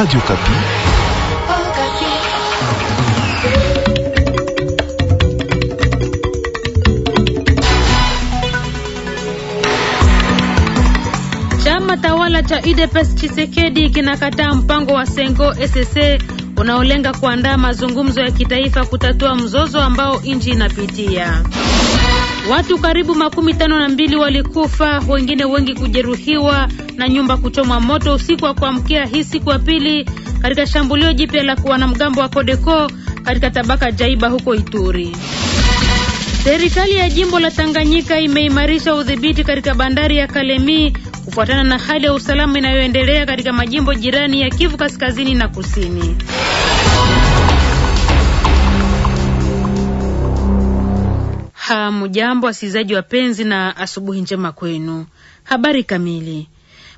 Radio Kapi. Chama tawala cha UDPS Chisekedi kinakataa mpango wa Sengo SSC unaolenga kuandaa mazungumzo ya kitaifa kutatua mzozo ambao nchi inapitia. Watu karibu makumi tano na mbili walikufa, wengine wengi kujeruhiwa na nyumba kuchomwa moto usiku wa kuamkia hii siku ya pili katika shambulio jipya la wanamgambo wa Kodeko katika tabaka Jaiba huko Ituri. Serikali ya jimbo la Tanganyika imeimarisha udhibiti katika bandari ya Kalemi kufuatana na hali ya usalama inayoendelea katika majimbo jirani ya Kivu Kaskazini na Kusini. Hamjambo wasikilizaji wapenzi, na asubuhi njema kwenu. Habari kamili.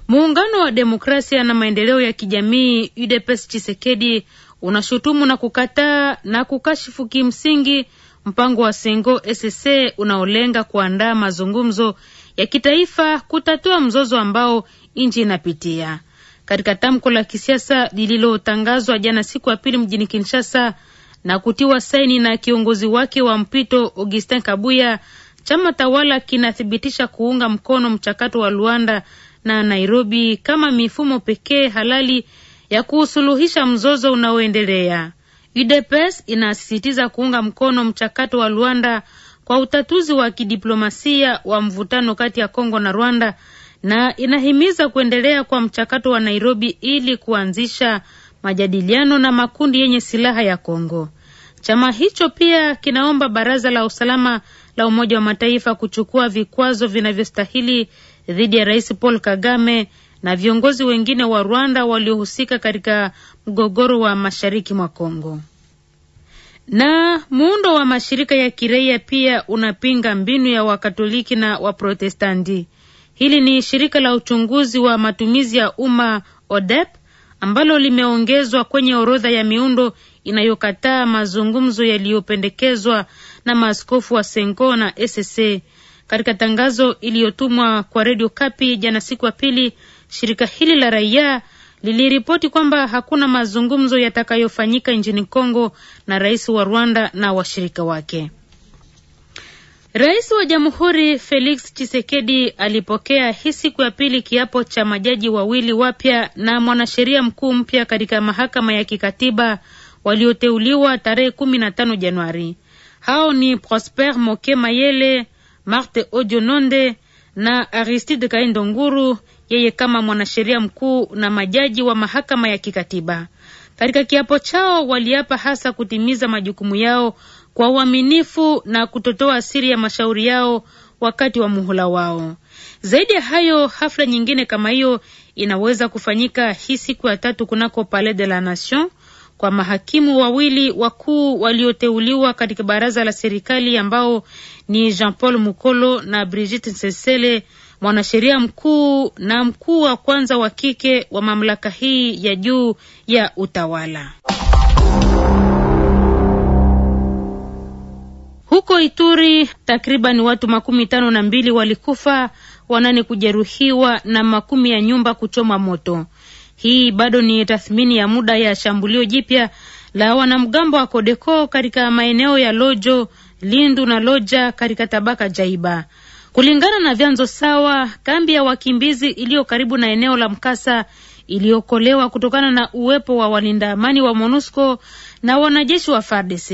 Muungano wa demokrasia na maendeleo ya kijamii UDPS Chisekedi unashutumu na kukataa na kukashifu kimsingi mpango wa Sengo Esse unaolenga kuandaa mazungumzo ya kitaifa kutatua mzozo ambao nchi inapitia. Katika tamko la kisiasa lililotangazwa jana siku ya pili mjini Kinshasa, na kutiwa saini na kiongozi wake wa mpito Augustin Kabuya, chama tawala kinathibitisha kuunga mkono mchakato wa Luanda na Nairobi kama mifumo pekee halali ya kuusuluhisha mzozo unaoendelea. UDPS inasisitiza kuunga mkono mchakato wa Luanda kwa utatuzi wa kidiplomasia wa mvutano kati ya Kongo na Rwanda na inahimiza kuendelea kwa mchakato wa Nairobi ili kuanzisha majadiliano na makundi yenye silaha ya Kongo. Chama hicho pia kinaomba Baraza la Usalama la Umoja wa Mataifa kuchukua vikwazo vinavyostahili dhidi ya Rais Paul Kagame na viongozi wengine wa Rwanda waliohusika katika mgogoro wa mashariki mwa Kongo. Na muundo wa mashirika ya kiraia pia unapinga mbinu ya Wakatoliki na Waprotestanti. Hili ni shirika la uchunguzi wa matumizi ya umma ODEP ambalo limeongezwa kwenye orodha ya miundo inayokataa mazungumzo yaliyopendekezwa na maaskofu wa Senko na SSC. Katika tangazo iliyotumwa kwa redio Kapi jana siku ya pili, shirika hili la raia liliripoti kwamba hakuna mazungumzo yatakayofanyika nchini Kongo na rais wa Rwanda na washirika wake. Rais wa Jamhuri Felix Tshisekedi alipokea hii siku ya pili kiapo cha majaji wawili wapya na mwanasheria mkuu mpya katika mahakama ya kikatiba walioteuliwa tarehe 15 Januari. Hao ni Prosper Moke Mayele, Marte ojononde na Aristide Kaindo Nguru, yeye kama mwanasheria mkuu na majaji wa mahakama ya kikatiba. Katika kiapo chao waliapa hasa kutimiza majukumu yao kwa uaminifu na kutotoa siri ya mashauri yao wakati wa muhula wao. Zaidi ya hayo, hafla nyingine kama hiyo inaweza kufanyika hii siku ya tatu kunako Palais de la Nation kwa mahakimu wawili wakuu walioteuliwa katika baraza la serikali ambao ni Jean Paul Mukolo na Brigitte Nsesele, mwanasheria mkuu na mkuu wa kwanza wa kike wa mamlaka hii ya juu ya utawala. Huko Ituri takriban watu makumi tano na mbili walikufa, wanane kujeruhiwa na makumi ya nyumba kuchoma moto. Hii bado ni tathmini ya muda ya shambulio jipya la wanamgambo wa Kodeko katika maeneo ya Lojo, Lindu na Loja katika tabaka Jaiba. Kulingana na vyanzo sawa, kambi ya wakimbizi iliyo karibu na eneo la mkasa iliyokolewa kutokana na uwepo wa walinda amani wa MONUSCO na wanajeshi wa FARDC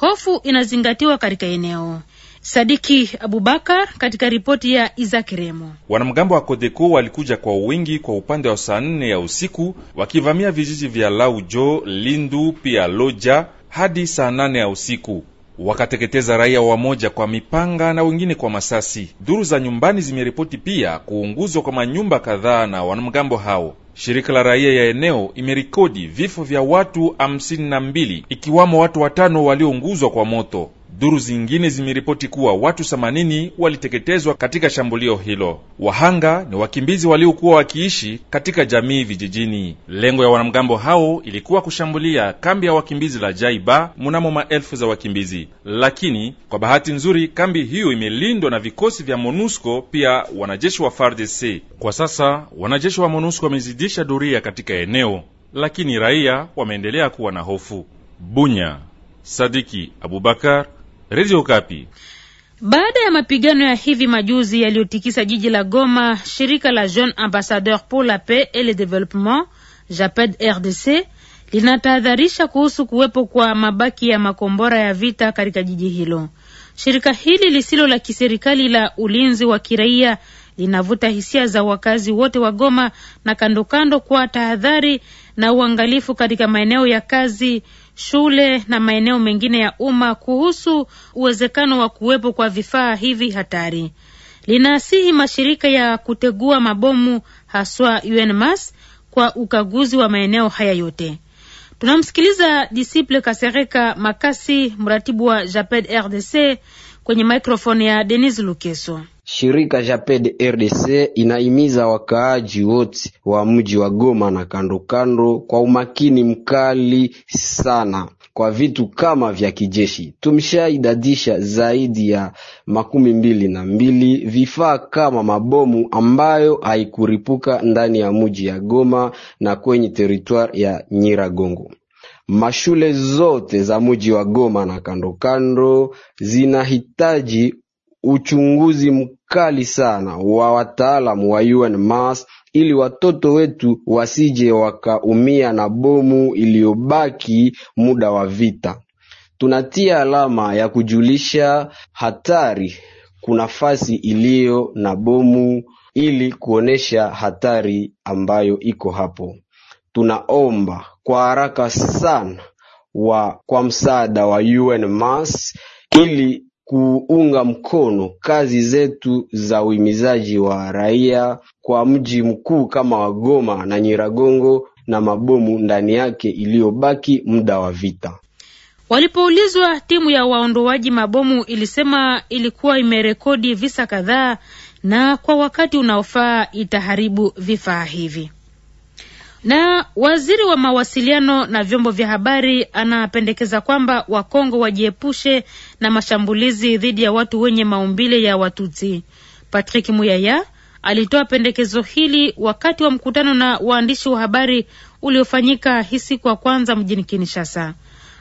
hofu inazingatiwa katika eneo. Sadiki Abubakar katika ripoti ya Isaac Remo. Wanamgambo wa Kodeko walikuja kwa wingi kwa upande wa saa nne ya usiku wakivamia vijiji vya Laujo, Lindu pia Loja hadi saa nane ya usiku wakateketeza raia wamoja kwa mipanga na wengine kwa masasi. Duru za nyumbani zimeripoti pia kuunguzwa kwa manyumba kadhaa na wanamgambo hao. Shirika la raia ya eneo imerikodi vifo vya watu hamsini na mbili ikiwamo watu watano waliounguzwa kwa moto. Duru zingine zimeripoti kuwa watu 80 waliteketezwa katika shambulio hilo. Wahanga ni wakimbizi waliokuwa wakiishi katika jamii vijijini. Lengo ya wanamgambo hao ilikuwa kushambulia kambi ya wakimbizi la Jaiba mnamo maelfu za wakimbizi, lakini kwa bahati nzuri kambi hiyo imelindwa na vikosi vya MONUSCO pia wanajeshi wa FARDC. Kwa sasa wanajeshi wa MONUSCO wamezidisha doria katika eneo, lakini raia wameendelea kuwa na hofu. Bunya, Sadiki Abubakar, Radio Kapi. Baada ya mapigano ya hivi majuzi yaliyotikisa jiji la Goma, shirika la Jeune Ambassadeur pour la Paix et le Développement, JAPED RDC, linatahadharisha kuhusu kuwepo kwa mabaki ya makombora ya vita katika jiji hilo. Shirika hili lisilo la kiserikali la ulinzi wa kiraia linavuta hisia za wakazi wote wa Goma na kandokando kwa tahadhari na uangalifu katika maeneo ya kazi, shule na maeneo mengine ya umma kuhusu uwezekano wa kuwepo kwa vifaa hivi hatari. linaasihi mashirika ya kutegua mabomu haswa UNMAS kwa ukaguzi wa maeneo haya yote. Tunamsikiliza Disiple Kasereka Makasi, mratibu wa JAPED RDC kwenye mikrofoni ya Denis Lukeso. Shirika Japed RDC inahimiza wakaaji wote wa mji wa Goma na kandokando kwa umakini mkali sana kwa vitu kama vya kijeshi. Tumeshaidadisha zaidi ya makumi mbili na mbili vifaa kama mabomu ambayo haikuripuka ndani ya mji ya Goma na kwenye teritwari ya Nyiragongo. Mashule zote za mji wa Goma na kandokando zinahitaji uchunguzi mkali sana wa wataalamu wa UNMAS ili watoto wetu wasije wakaumia na bomu iliyobaki muda wa vita. Tunatia alama ya kujulisha hatari kunafasi iliyo na bomu ili kuonesha hatari ambayo iko hapo. Tunaomba kwa haraka sana wa kwa msaada wa UNMAS ili kuunga mkono kazi zetu za uhimizaji wa raia kwa mji mkuu kama Goma na Nyiragongo na mabomu ndani yake iliyobaki muda wa vita. Walipoulizwa, timu ya waondoaji mabomu ilisema ilikuwa imerekodi visa kadhaa na kwa wakati unaofaa itaharibu vifaa hivi. Na waziri wa mawasiliano na vyombo vya habari anapendekeza kwamba Wakongo wajiepushe na mashambulizi dhidi ya watu wenye maumbile ya Watutsi. Patrick Muyaya alitoa pendekezo hili wakati wa mkutano na waandishi wa habari uliofanyika hii siku ya kwanza mjini Kinshasa.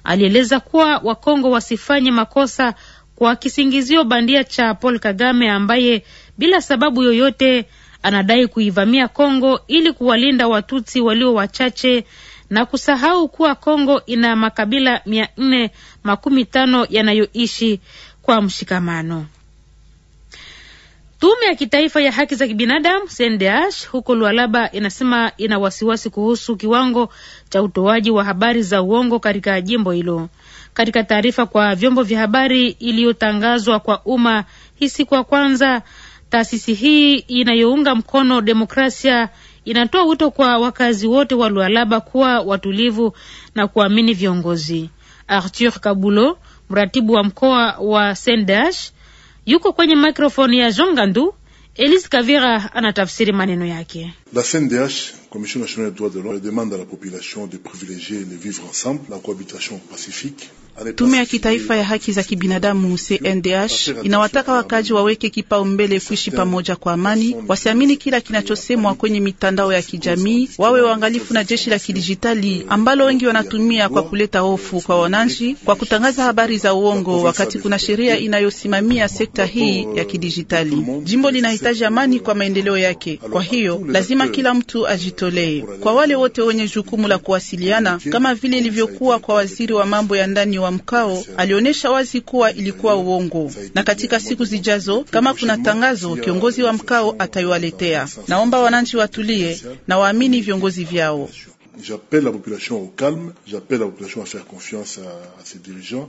Alieleza kuwa Wakongo wasifanye makosa kwa kisingizio bandia cha Paul Kagame ambaye bila sababu yoyote anadai kuivamia Kongo ili kuwalinda Watutsi walio wachache na kusahau kuwa Kongo ina makabila mia nne makumi tano yanayoishi kwa mshikamano. Tume ya kitaifa ya haki za kibinadamu CNDH huko Lualaba inasema ina wasiwasi kuhusu kiwango cha utoaji wa habari za uongo katika jimbo hilo. Katika taarifa kwa vyombo vya habari iliyotangazwa kwa umma hii siku ya kwanza, Taasisi hii inayounga mkono demokrasia inatoa wito kwa wakazi wote wa Lualaba kuwa watulivu na kuamini viongozi. Arthur Kabulo, mratibu wa mkoa wa Sendash, yuko kwenye maikrofoni ya Jean Gandu. Elise Kavira anatafsiri maneno yake. La CNDH, Commission nationale des droits de l'homme, demande à la population de privilégier le vivre ensemble, la cohabitation pacifique Tume ya kitaifa ya haki za kibinadamu CNDH inawataka wakaji waweke kipaumbele kuishi pamoja kwa amani, wasiamini kila kinachosemwa kwenye mitandao ya kijamii, wawe waangalifu na jeshi la kidijitali ambalo wengi wanatumia kwa kuleta hofu kwa wananchi, kwa kutangaza habari za uongo, wakati kuna sheria inayosimamia sekta hii ya kidijitali. Jimbo linahitaji amani kwa maendeleo yake, kwa hiyo lazima kila mtu ajitolee, kwa wale wote wenye jukumu la kuwasiliana, kama vile ilivyokuwa kwa waziri wa mambo ya ndani wa wa mkao alionyesha wazi kuwa ilikuwa uongo, na katika siku zijazo, kama kuna tangazo, kiongozi wa mkao ataiwaletea. Naomba wananchi watulie na waamini viongozi vyao. J'appelle la population au calme, j'appelle la population à faire confiance à, à ses dirigeants.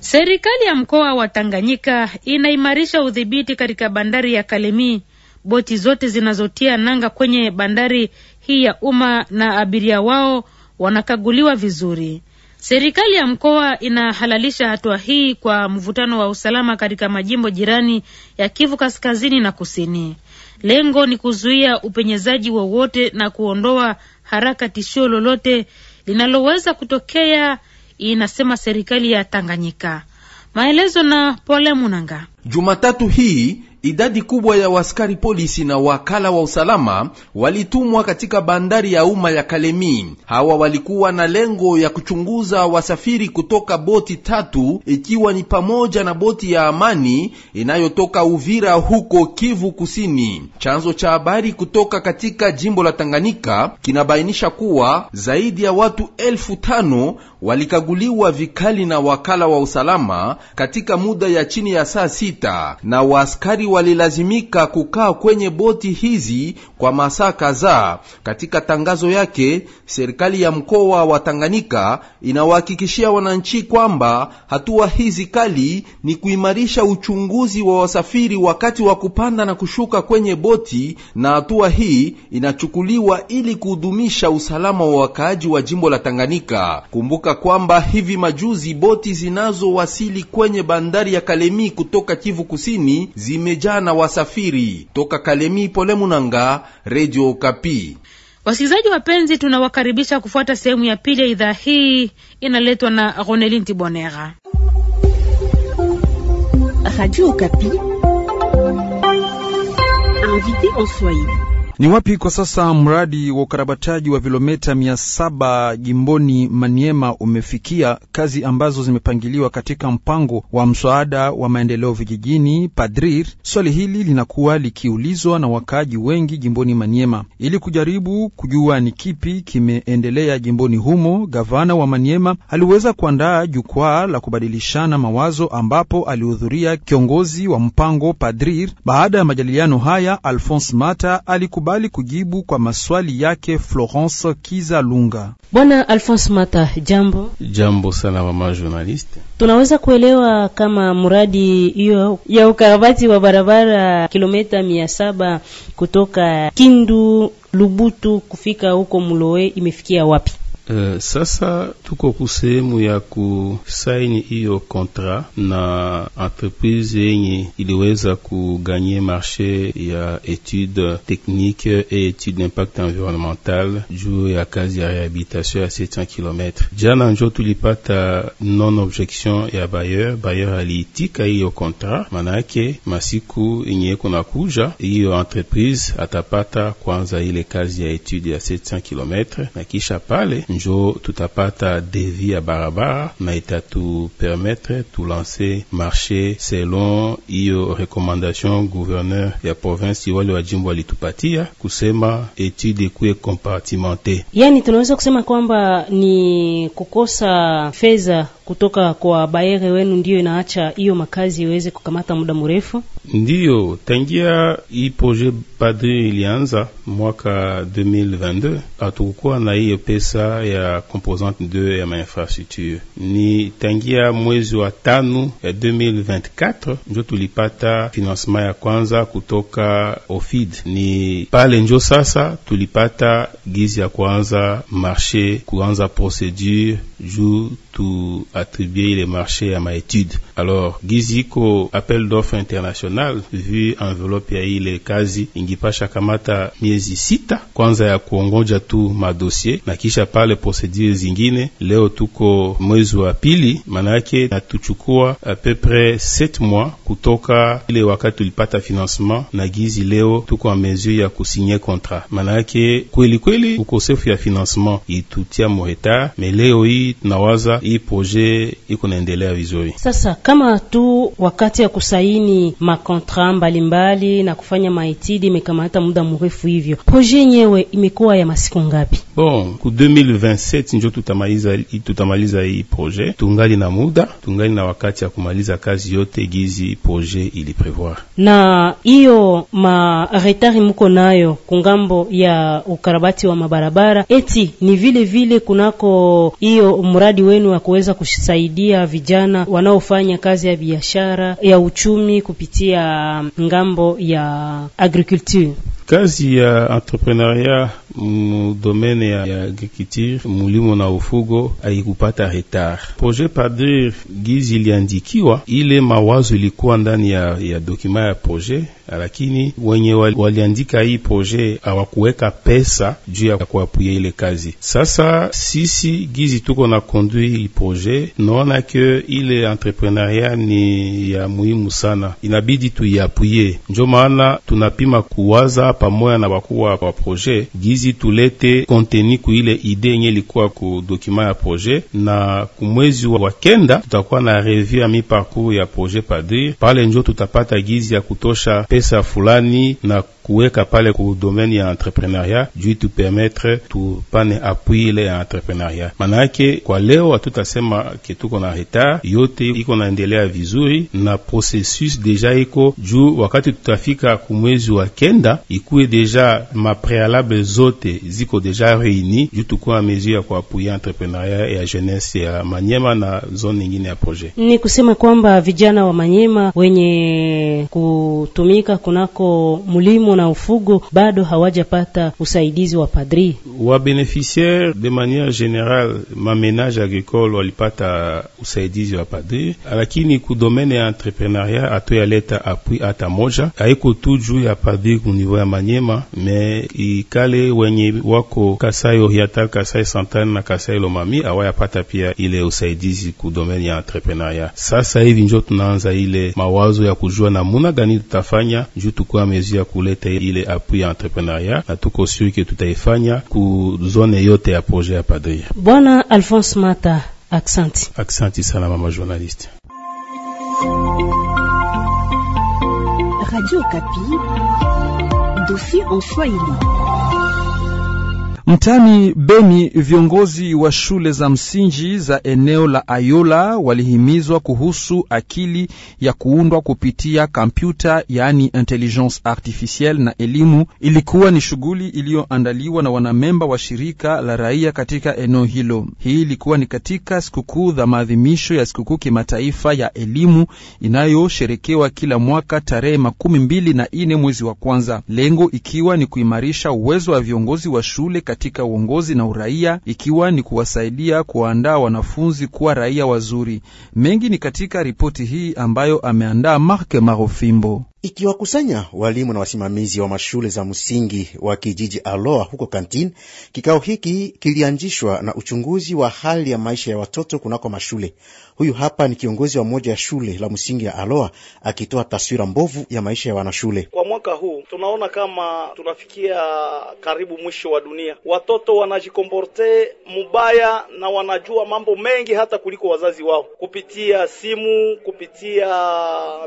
Serikali ya mkoa wa Tanganyika inaimarisha udhibiti katika bandari ya Kalemi. Boti zote zinazotia nanga kwenye bandari hii ya umma na abiria wao wanakaguliwa vizuri. Serikali ya mkoa inahalalisha hatua hii kwa mvutano wa usalama katika majimbo jirani ya Kivu kaskazini na kusini. Lengo ni kuzuia upenyezaji wowote na kuondoa haraka tishio lolote linaloweza kutokea, inasema serikali ya Tanganyika. Maelezo na Pole Munanga. Jumatatu hii Idadi kubwa ya waskari polisi na wakala wa usalama walitumwa katika bandari ya umma ya Kalemi. Hawa walikuwa na lengo ya kuchunguza wasafiri kutoka boti tatu, ikiwa ni pamoja na boti ya Amani inayotoka Uvira huko Kivu Kusini. Chanzo cha habari kutoka katika jimbo la Tanganyika kinabainisha kuwa zaidi ya watu elfu tano walikaguliwa vikali na wakala wa usalama katika muda ya chini ya saa sita, na waaskari walilazimika kukaa kwenye boti hizi kwa masaa kadhaa. Katika tangazo yake, serikali ya mkoa wa Tanganyika inawahakikishia wananchi kwamba hatua hizi kali ni kuimarisha uchunguzi wa wasafiri wakati wa kupanda na kushuka kwenye boti, na hatua hii inachukuliwa ili kuhudumisha usalama wa wakaaji wa jimbo la Tanganyika. Kumbuka kumbuka kwamba hivi majuzi boti zinazowasili kwenye bandari ya Kalemi kutoka Kivu Kusini zimejaa na wasafiri toka Kalemi. Pole Munanga, Radio Kapi. Wasikilizaji wapenzi, tunawakaribisha kufuata sehemu ya pili ya idhaa hii, inaletwa na Ronelin Tibonera, Radio Kapi. Invité en Swahili. Ni wapi kwa sasa mradi wa ukarabataji wa vilometa mia saba jimboni Maniema umefikia kazi ambazo zimepangiliwa katika mpango wa msaada wa maendeleo vijijini PADRIR? Swali hili linakuwa likiulizwa na wakaaji wengi jimboni Maniema ili kujaribu kujua ni kipi kimeendelea jimboni humo. Gavana wa Maniema aliweza kuandaa jukwaa la kubadilishana mawazo ambapo alihudhuria kiongozi wa mpango PADRIR. Baada ya majadiliano haya, Alphonse Mata alikubali kukubali kujibu kwa maswali yake Florence Kizalunga. Bwana Alphonse Mata, jambo. Jambo sana mama journaliste. Tunaweza kuelewa kama mradi hiyo ya ukarabati wa barabara kilomita mia saba kutoka Kindu Lubutu kufika huko Mloe imefikia wapi? Eh, sasa tuko kusehemu ya kusaini hiyo kontra na entreprise yenye iliweza kuganye marshe ya etude technique e etude d'impact environnemental juu ya kazi ya rehabilitation ya 700 km. Jana njo tulipata non objection ya bayer. Bayer aliitika hiyo kontra, manake masiku yenye kuna kuja hiyo entreprise atapata kwanza ile kazi ya etude ya 700 km na kisha pale njo tutapata devi ya barabara na itatupermetre tulanse marcher selon hiyo rekomandation gouverneur ya province wale wa jimbo alitupatia hein. kusema etude kuye compartimente. Yani tunaweza kusema kwamba ni kukosa fedha kutoka kwa baere wenu ndiyo inaacha hiyo makazi iweze kukamata muda mrefu? Ndiyo, tangia hii projet padri ilianza mwaka 2022 hatukukuwa na hiyo pesa ya composante 2 ya mainfrastructure. Ni tangia mwezi wa tano ya 2024 njo tulipata financement ya kwanza kutoka OFID. Ni pale njo sasa tulipata gizi ya kuanza marché, kuanza procedure ju tu attribuer le marchés à ma étude. Alors, Giziko appel d'offres international vu envelope ya ile kazi ingipasha kamata miezi sita kwanza ya kuongoja tu madossier na kisha pale procedure zingine. Leo tuko mwezi wa pili, manake natuchukua apepre 7 mois kutoka ile wakati tulipata financement na Gizi, leo tuko a mesure ya kusinye contrat, manake kweli kweli ukosefu ya financement itutia moretard, me leo hii tunawaza hii proje iko naendelea vizuri. Sasa kama tu wakati ya kusaini makontra mbalimbali na kufanya maitidi imekamata muda mrefu, hivyo proje yenyewe imekuwa ya masiku ngapi? Bon, ku 2027 njo tutamaliza, tutamaliza hii proje. Tungali na muda, tungali na wakati ya kumaliza kazi yote gizi proje ili prevoir. Na hiyo maretari mko nayo kungambo ya ukarabati wa mabarabara, eti ni vile vile kunako hiyo mradi wenu wa kuweza kusaidia vijana wanaofanya kazi ya biashara ya uchumi kupitia um, ngambo ya agriculture. Kazi ya entrepreneuria mu domaine ya, ya agriculture mulimo na ufugo haikupata retard. Projet Padir gizi iliandikiwa, ile mawazo ilikuwa ndani ya, ya dokima ya projet, lakini wenye waliandika hii projet hawakuweka pesa juu ya kuapuya ile kazi. Sasa sisi gizi tuko na kondui hii projet, naona ke ile entrepreneuria ni ya muhimu sana, inabidi tuiapuye, njo maana tunapima kuwaza pamoja na wakuwa wa proje gizi tulete konteni kuile ide nye likuwa ku dokima ya proje, na kumwezi wa kenda tutakuwa na revi ya miparcours ya projet padri. Pale njo tutapata gizi ya kutosha pesa fulani na kuweka pale ku domaine ya entrepreneuria jui tupermetre tupane appui ile ya entrepreneuria. Manake kwa leo hatutasema ke tuko na retard, yote iko naendelea vizuri na processus deja iko juu, wakati tutafika kumwezi wa kenda iku zikuwe deja maprealable zote ziko deja réuni juu na mezuri ya kuapuya entrepreneuria ya jeunesse ya Manyema na zone nyingine ya projet. Ni kusema kwamba vijana wa Manyema wenye kutumika kunako mulimo na ufugo bado hawajapata usaidizi wa padri. Wa beneficiaire de maniere générale mamenage agricole walipata usaidizi wa padri, lakini ku domaine ya entrepreneuria atoyaleta apui ata moja, aiko tu juu ya padri ku niveau ya Manyema me ikale wenye wako Kasai Oriental, Kasai Santana na Kasai Lomami awayapata pia ile usaidizi ku domaine ya entrepreneuria. Sasa hivi njo tunaanza ile mawazo ya kujua muna gani tutafanya juu tukuwa mezi ya kuleta ile apui ya entrepreneuria, na tuko sure tutaifanya ku zone yote ya projet ya Padria. Bwana Alphonse Mata, aksanti. Aksanti sana mama journaliste. Radio Kapi dossier en Swahili mtani Beni, viongozi wa shule za msingi za eneo la Ayola walihimizwa kuhusu akili ya kuundwa kupitia kompyuta, yaani intelligence artificielle na elimu. Ilikuwa ni shughuli iliyoandaliwa na wanamemba wa shirika la raia katika eneo hilo. Hii ilikuwa ni katika sikukuu za maadhimisho ya sikukuu kimataifa ya elimu inayosherekewa kila mwaka tarehe makumi mbili na ine mwezi wa kwanza, lengo ikiwa ni kuimarisha uwezo wa viongozi wa shule katika katika uongozi na uraia, ikiwa ni kuwasaidia kuwaandaa wanafunzi kuwa raia wazuri. Mengi ni katika ripoti hii ambayo ameandaa Mark Marofimbo ikiwakusanya walimu na wasimamizi wa mashule za msingi wa kijiji Aloa huko Kantin. Kikao hiki kilianzishwa na uchunguzi wa hali ya maisha ya watoto kunako mashule. Huyu hapa ni kiongozi wa moja ya shule la msingi ya Aloa akitoa taswira mbovu ya maisha ya wanashule. Kwa mwaka huu tunaona kama tunafikia karibu mwisho wa dunia. Watoto wanajikomporte mubaya na wanajua mambo mengi hata kuliko wazazi wao, kupitia simu, kupitia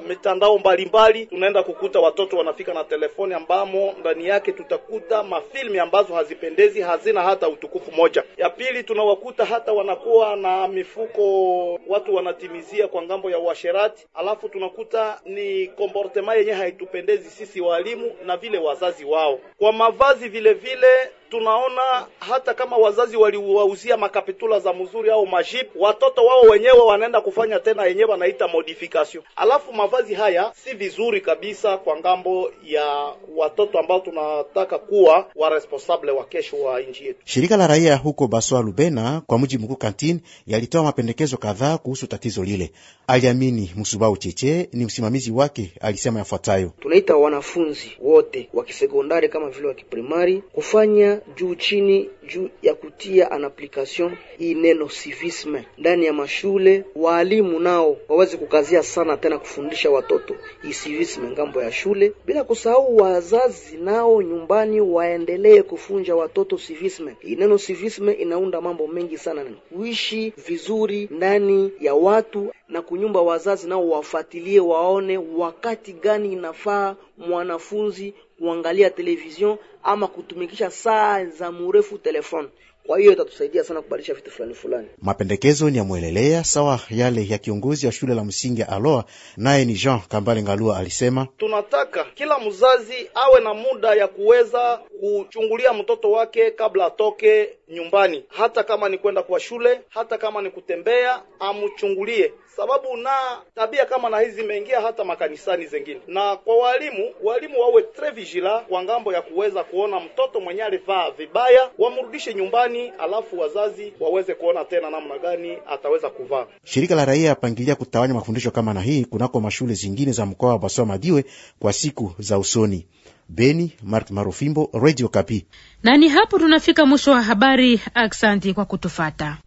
mitandao mbalimbali mbali tunaenda kukuta watoto wanafika na telefoni ambamo ndani yake tutakuta mafilmi ambazo hazipendezi, hazina hata utukufu moja. Ya pili, tunawakuta hata wanakuwa na mifuko, watu wanatimizia kwa ngambo ya uasherati, alafu tunakuta ni komportema yenye haitupendezi sisi walimu na vile wazazi wao. Kwa mavazi vile vile tunaona hata kama wazazi waliwauzia makapitula za mzuri au majip, watoto wao wenyewe wanaenda kufanya tena yenyewe wanaita modification. Alafu mavazi haya si vizuri kabisa kwa ngambo ya watoto ambao tunataka kuwa wa responsable wa kesho wa nchi yetu. Shirika la raia huko Baswa Lubena, kwa mji mkuu Kantini, yalitoa mapendekezo kadhaa kuhusu tatizo lile. Aliamini Msubau Cheche ni msimamizi wake, alisema yafuatayo: tunaita wanafunzi wote wa kisekondari kama vile wa kiprimari kufanya juu chini juu ya kutia an application hii neno civisme ndani ya mashule. Waalimu nao waweze kukazia sana tena kufundisha watoto hii civisme ngambo ya shule, bila kusahau wazazi nao nyumbani waendelee kufunja watoto civisme. Hii neno civisme inaunda mambo mengi sana, kuishi vizuri ndani ya watu na kunyumba. Wazazi nao wafuatilie waone wakati gani inafaa mwanafunzi kuangalia television ama kutumikisha saa za murefu telefoni. Kwa hiyo itatusaidia sana kubadilisha vitu fulani fulani. Mapendekezo ni yamwelelea sawa yale ya kiongozi wa shule la msingi ya Aloa, naye ni Jean Kambale Ngalua alisema, tunataka kila mzazi awe na muda ya kuweza kuchungulia mtoto wake kabla atoke nyumbani, hata kama ni kwenda kwa shule, hata kama ni kutembea, amchungulie sababu na tabia kama na hizi zimeingia hata makanisani zengine. Na kwa walimu, walimu wawe tre vigila kwa ngambo ya kuweza kuona mtoto mwenye alivaa vibaya, wamrudishe nyumbani, alafu wazazi waweze kuona tena namna gani ataweza kuvaa. Shirika la raia yapangilia kutawanya mafundisho kama na hii kunako mashule zingine za mkoa wa basoa Madiwe kwa siku za usoni. Beni, Mark Marofimbo, Radio Kapi. Na ni hapo tunafika mwisho wa habari. Aksanti kwa kutufata.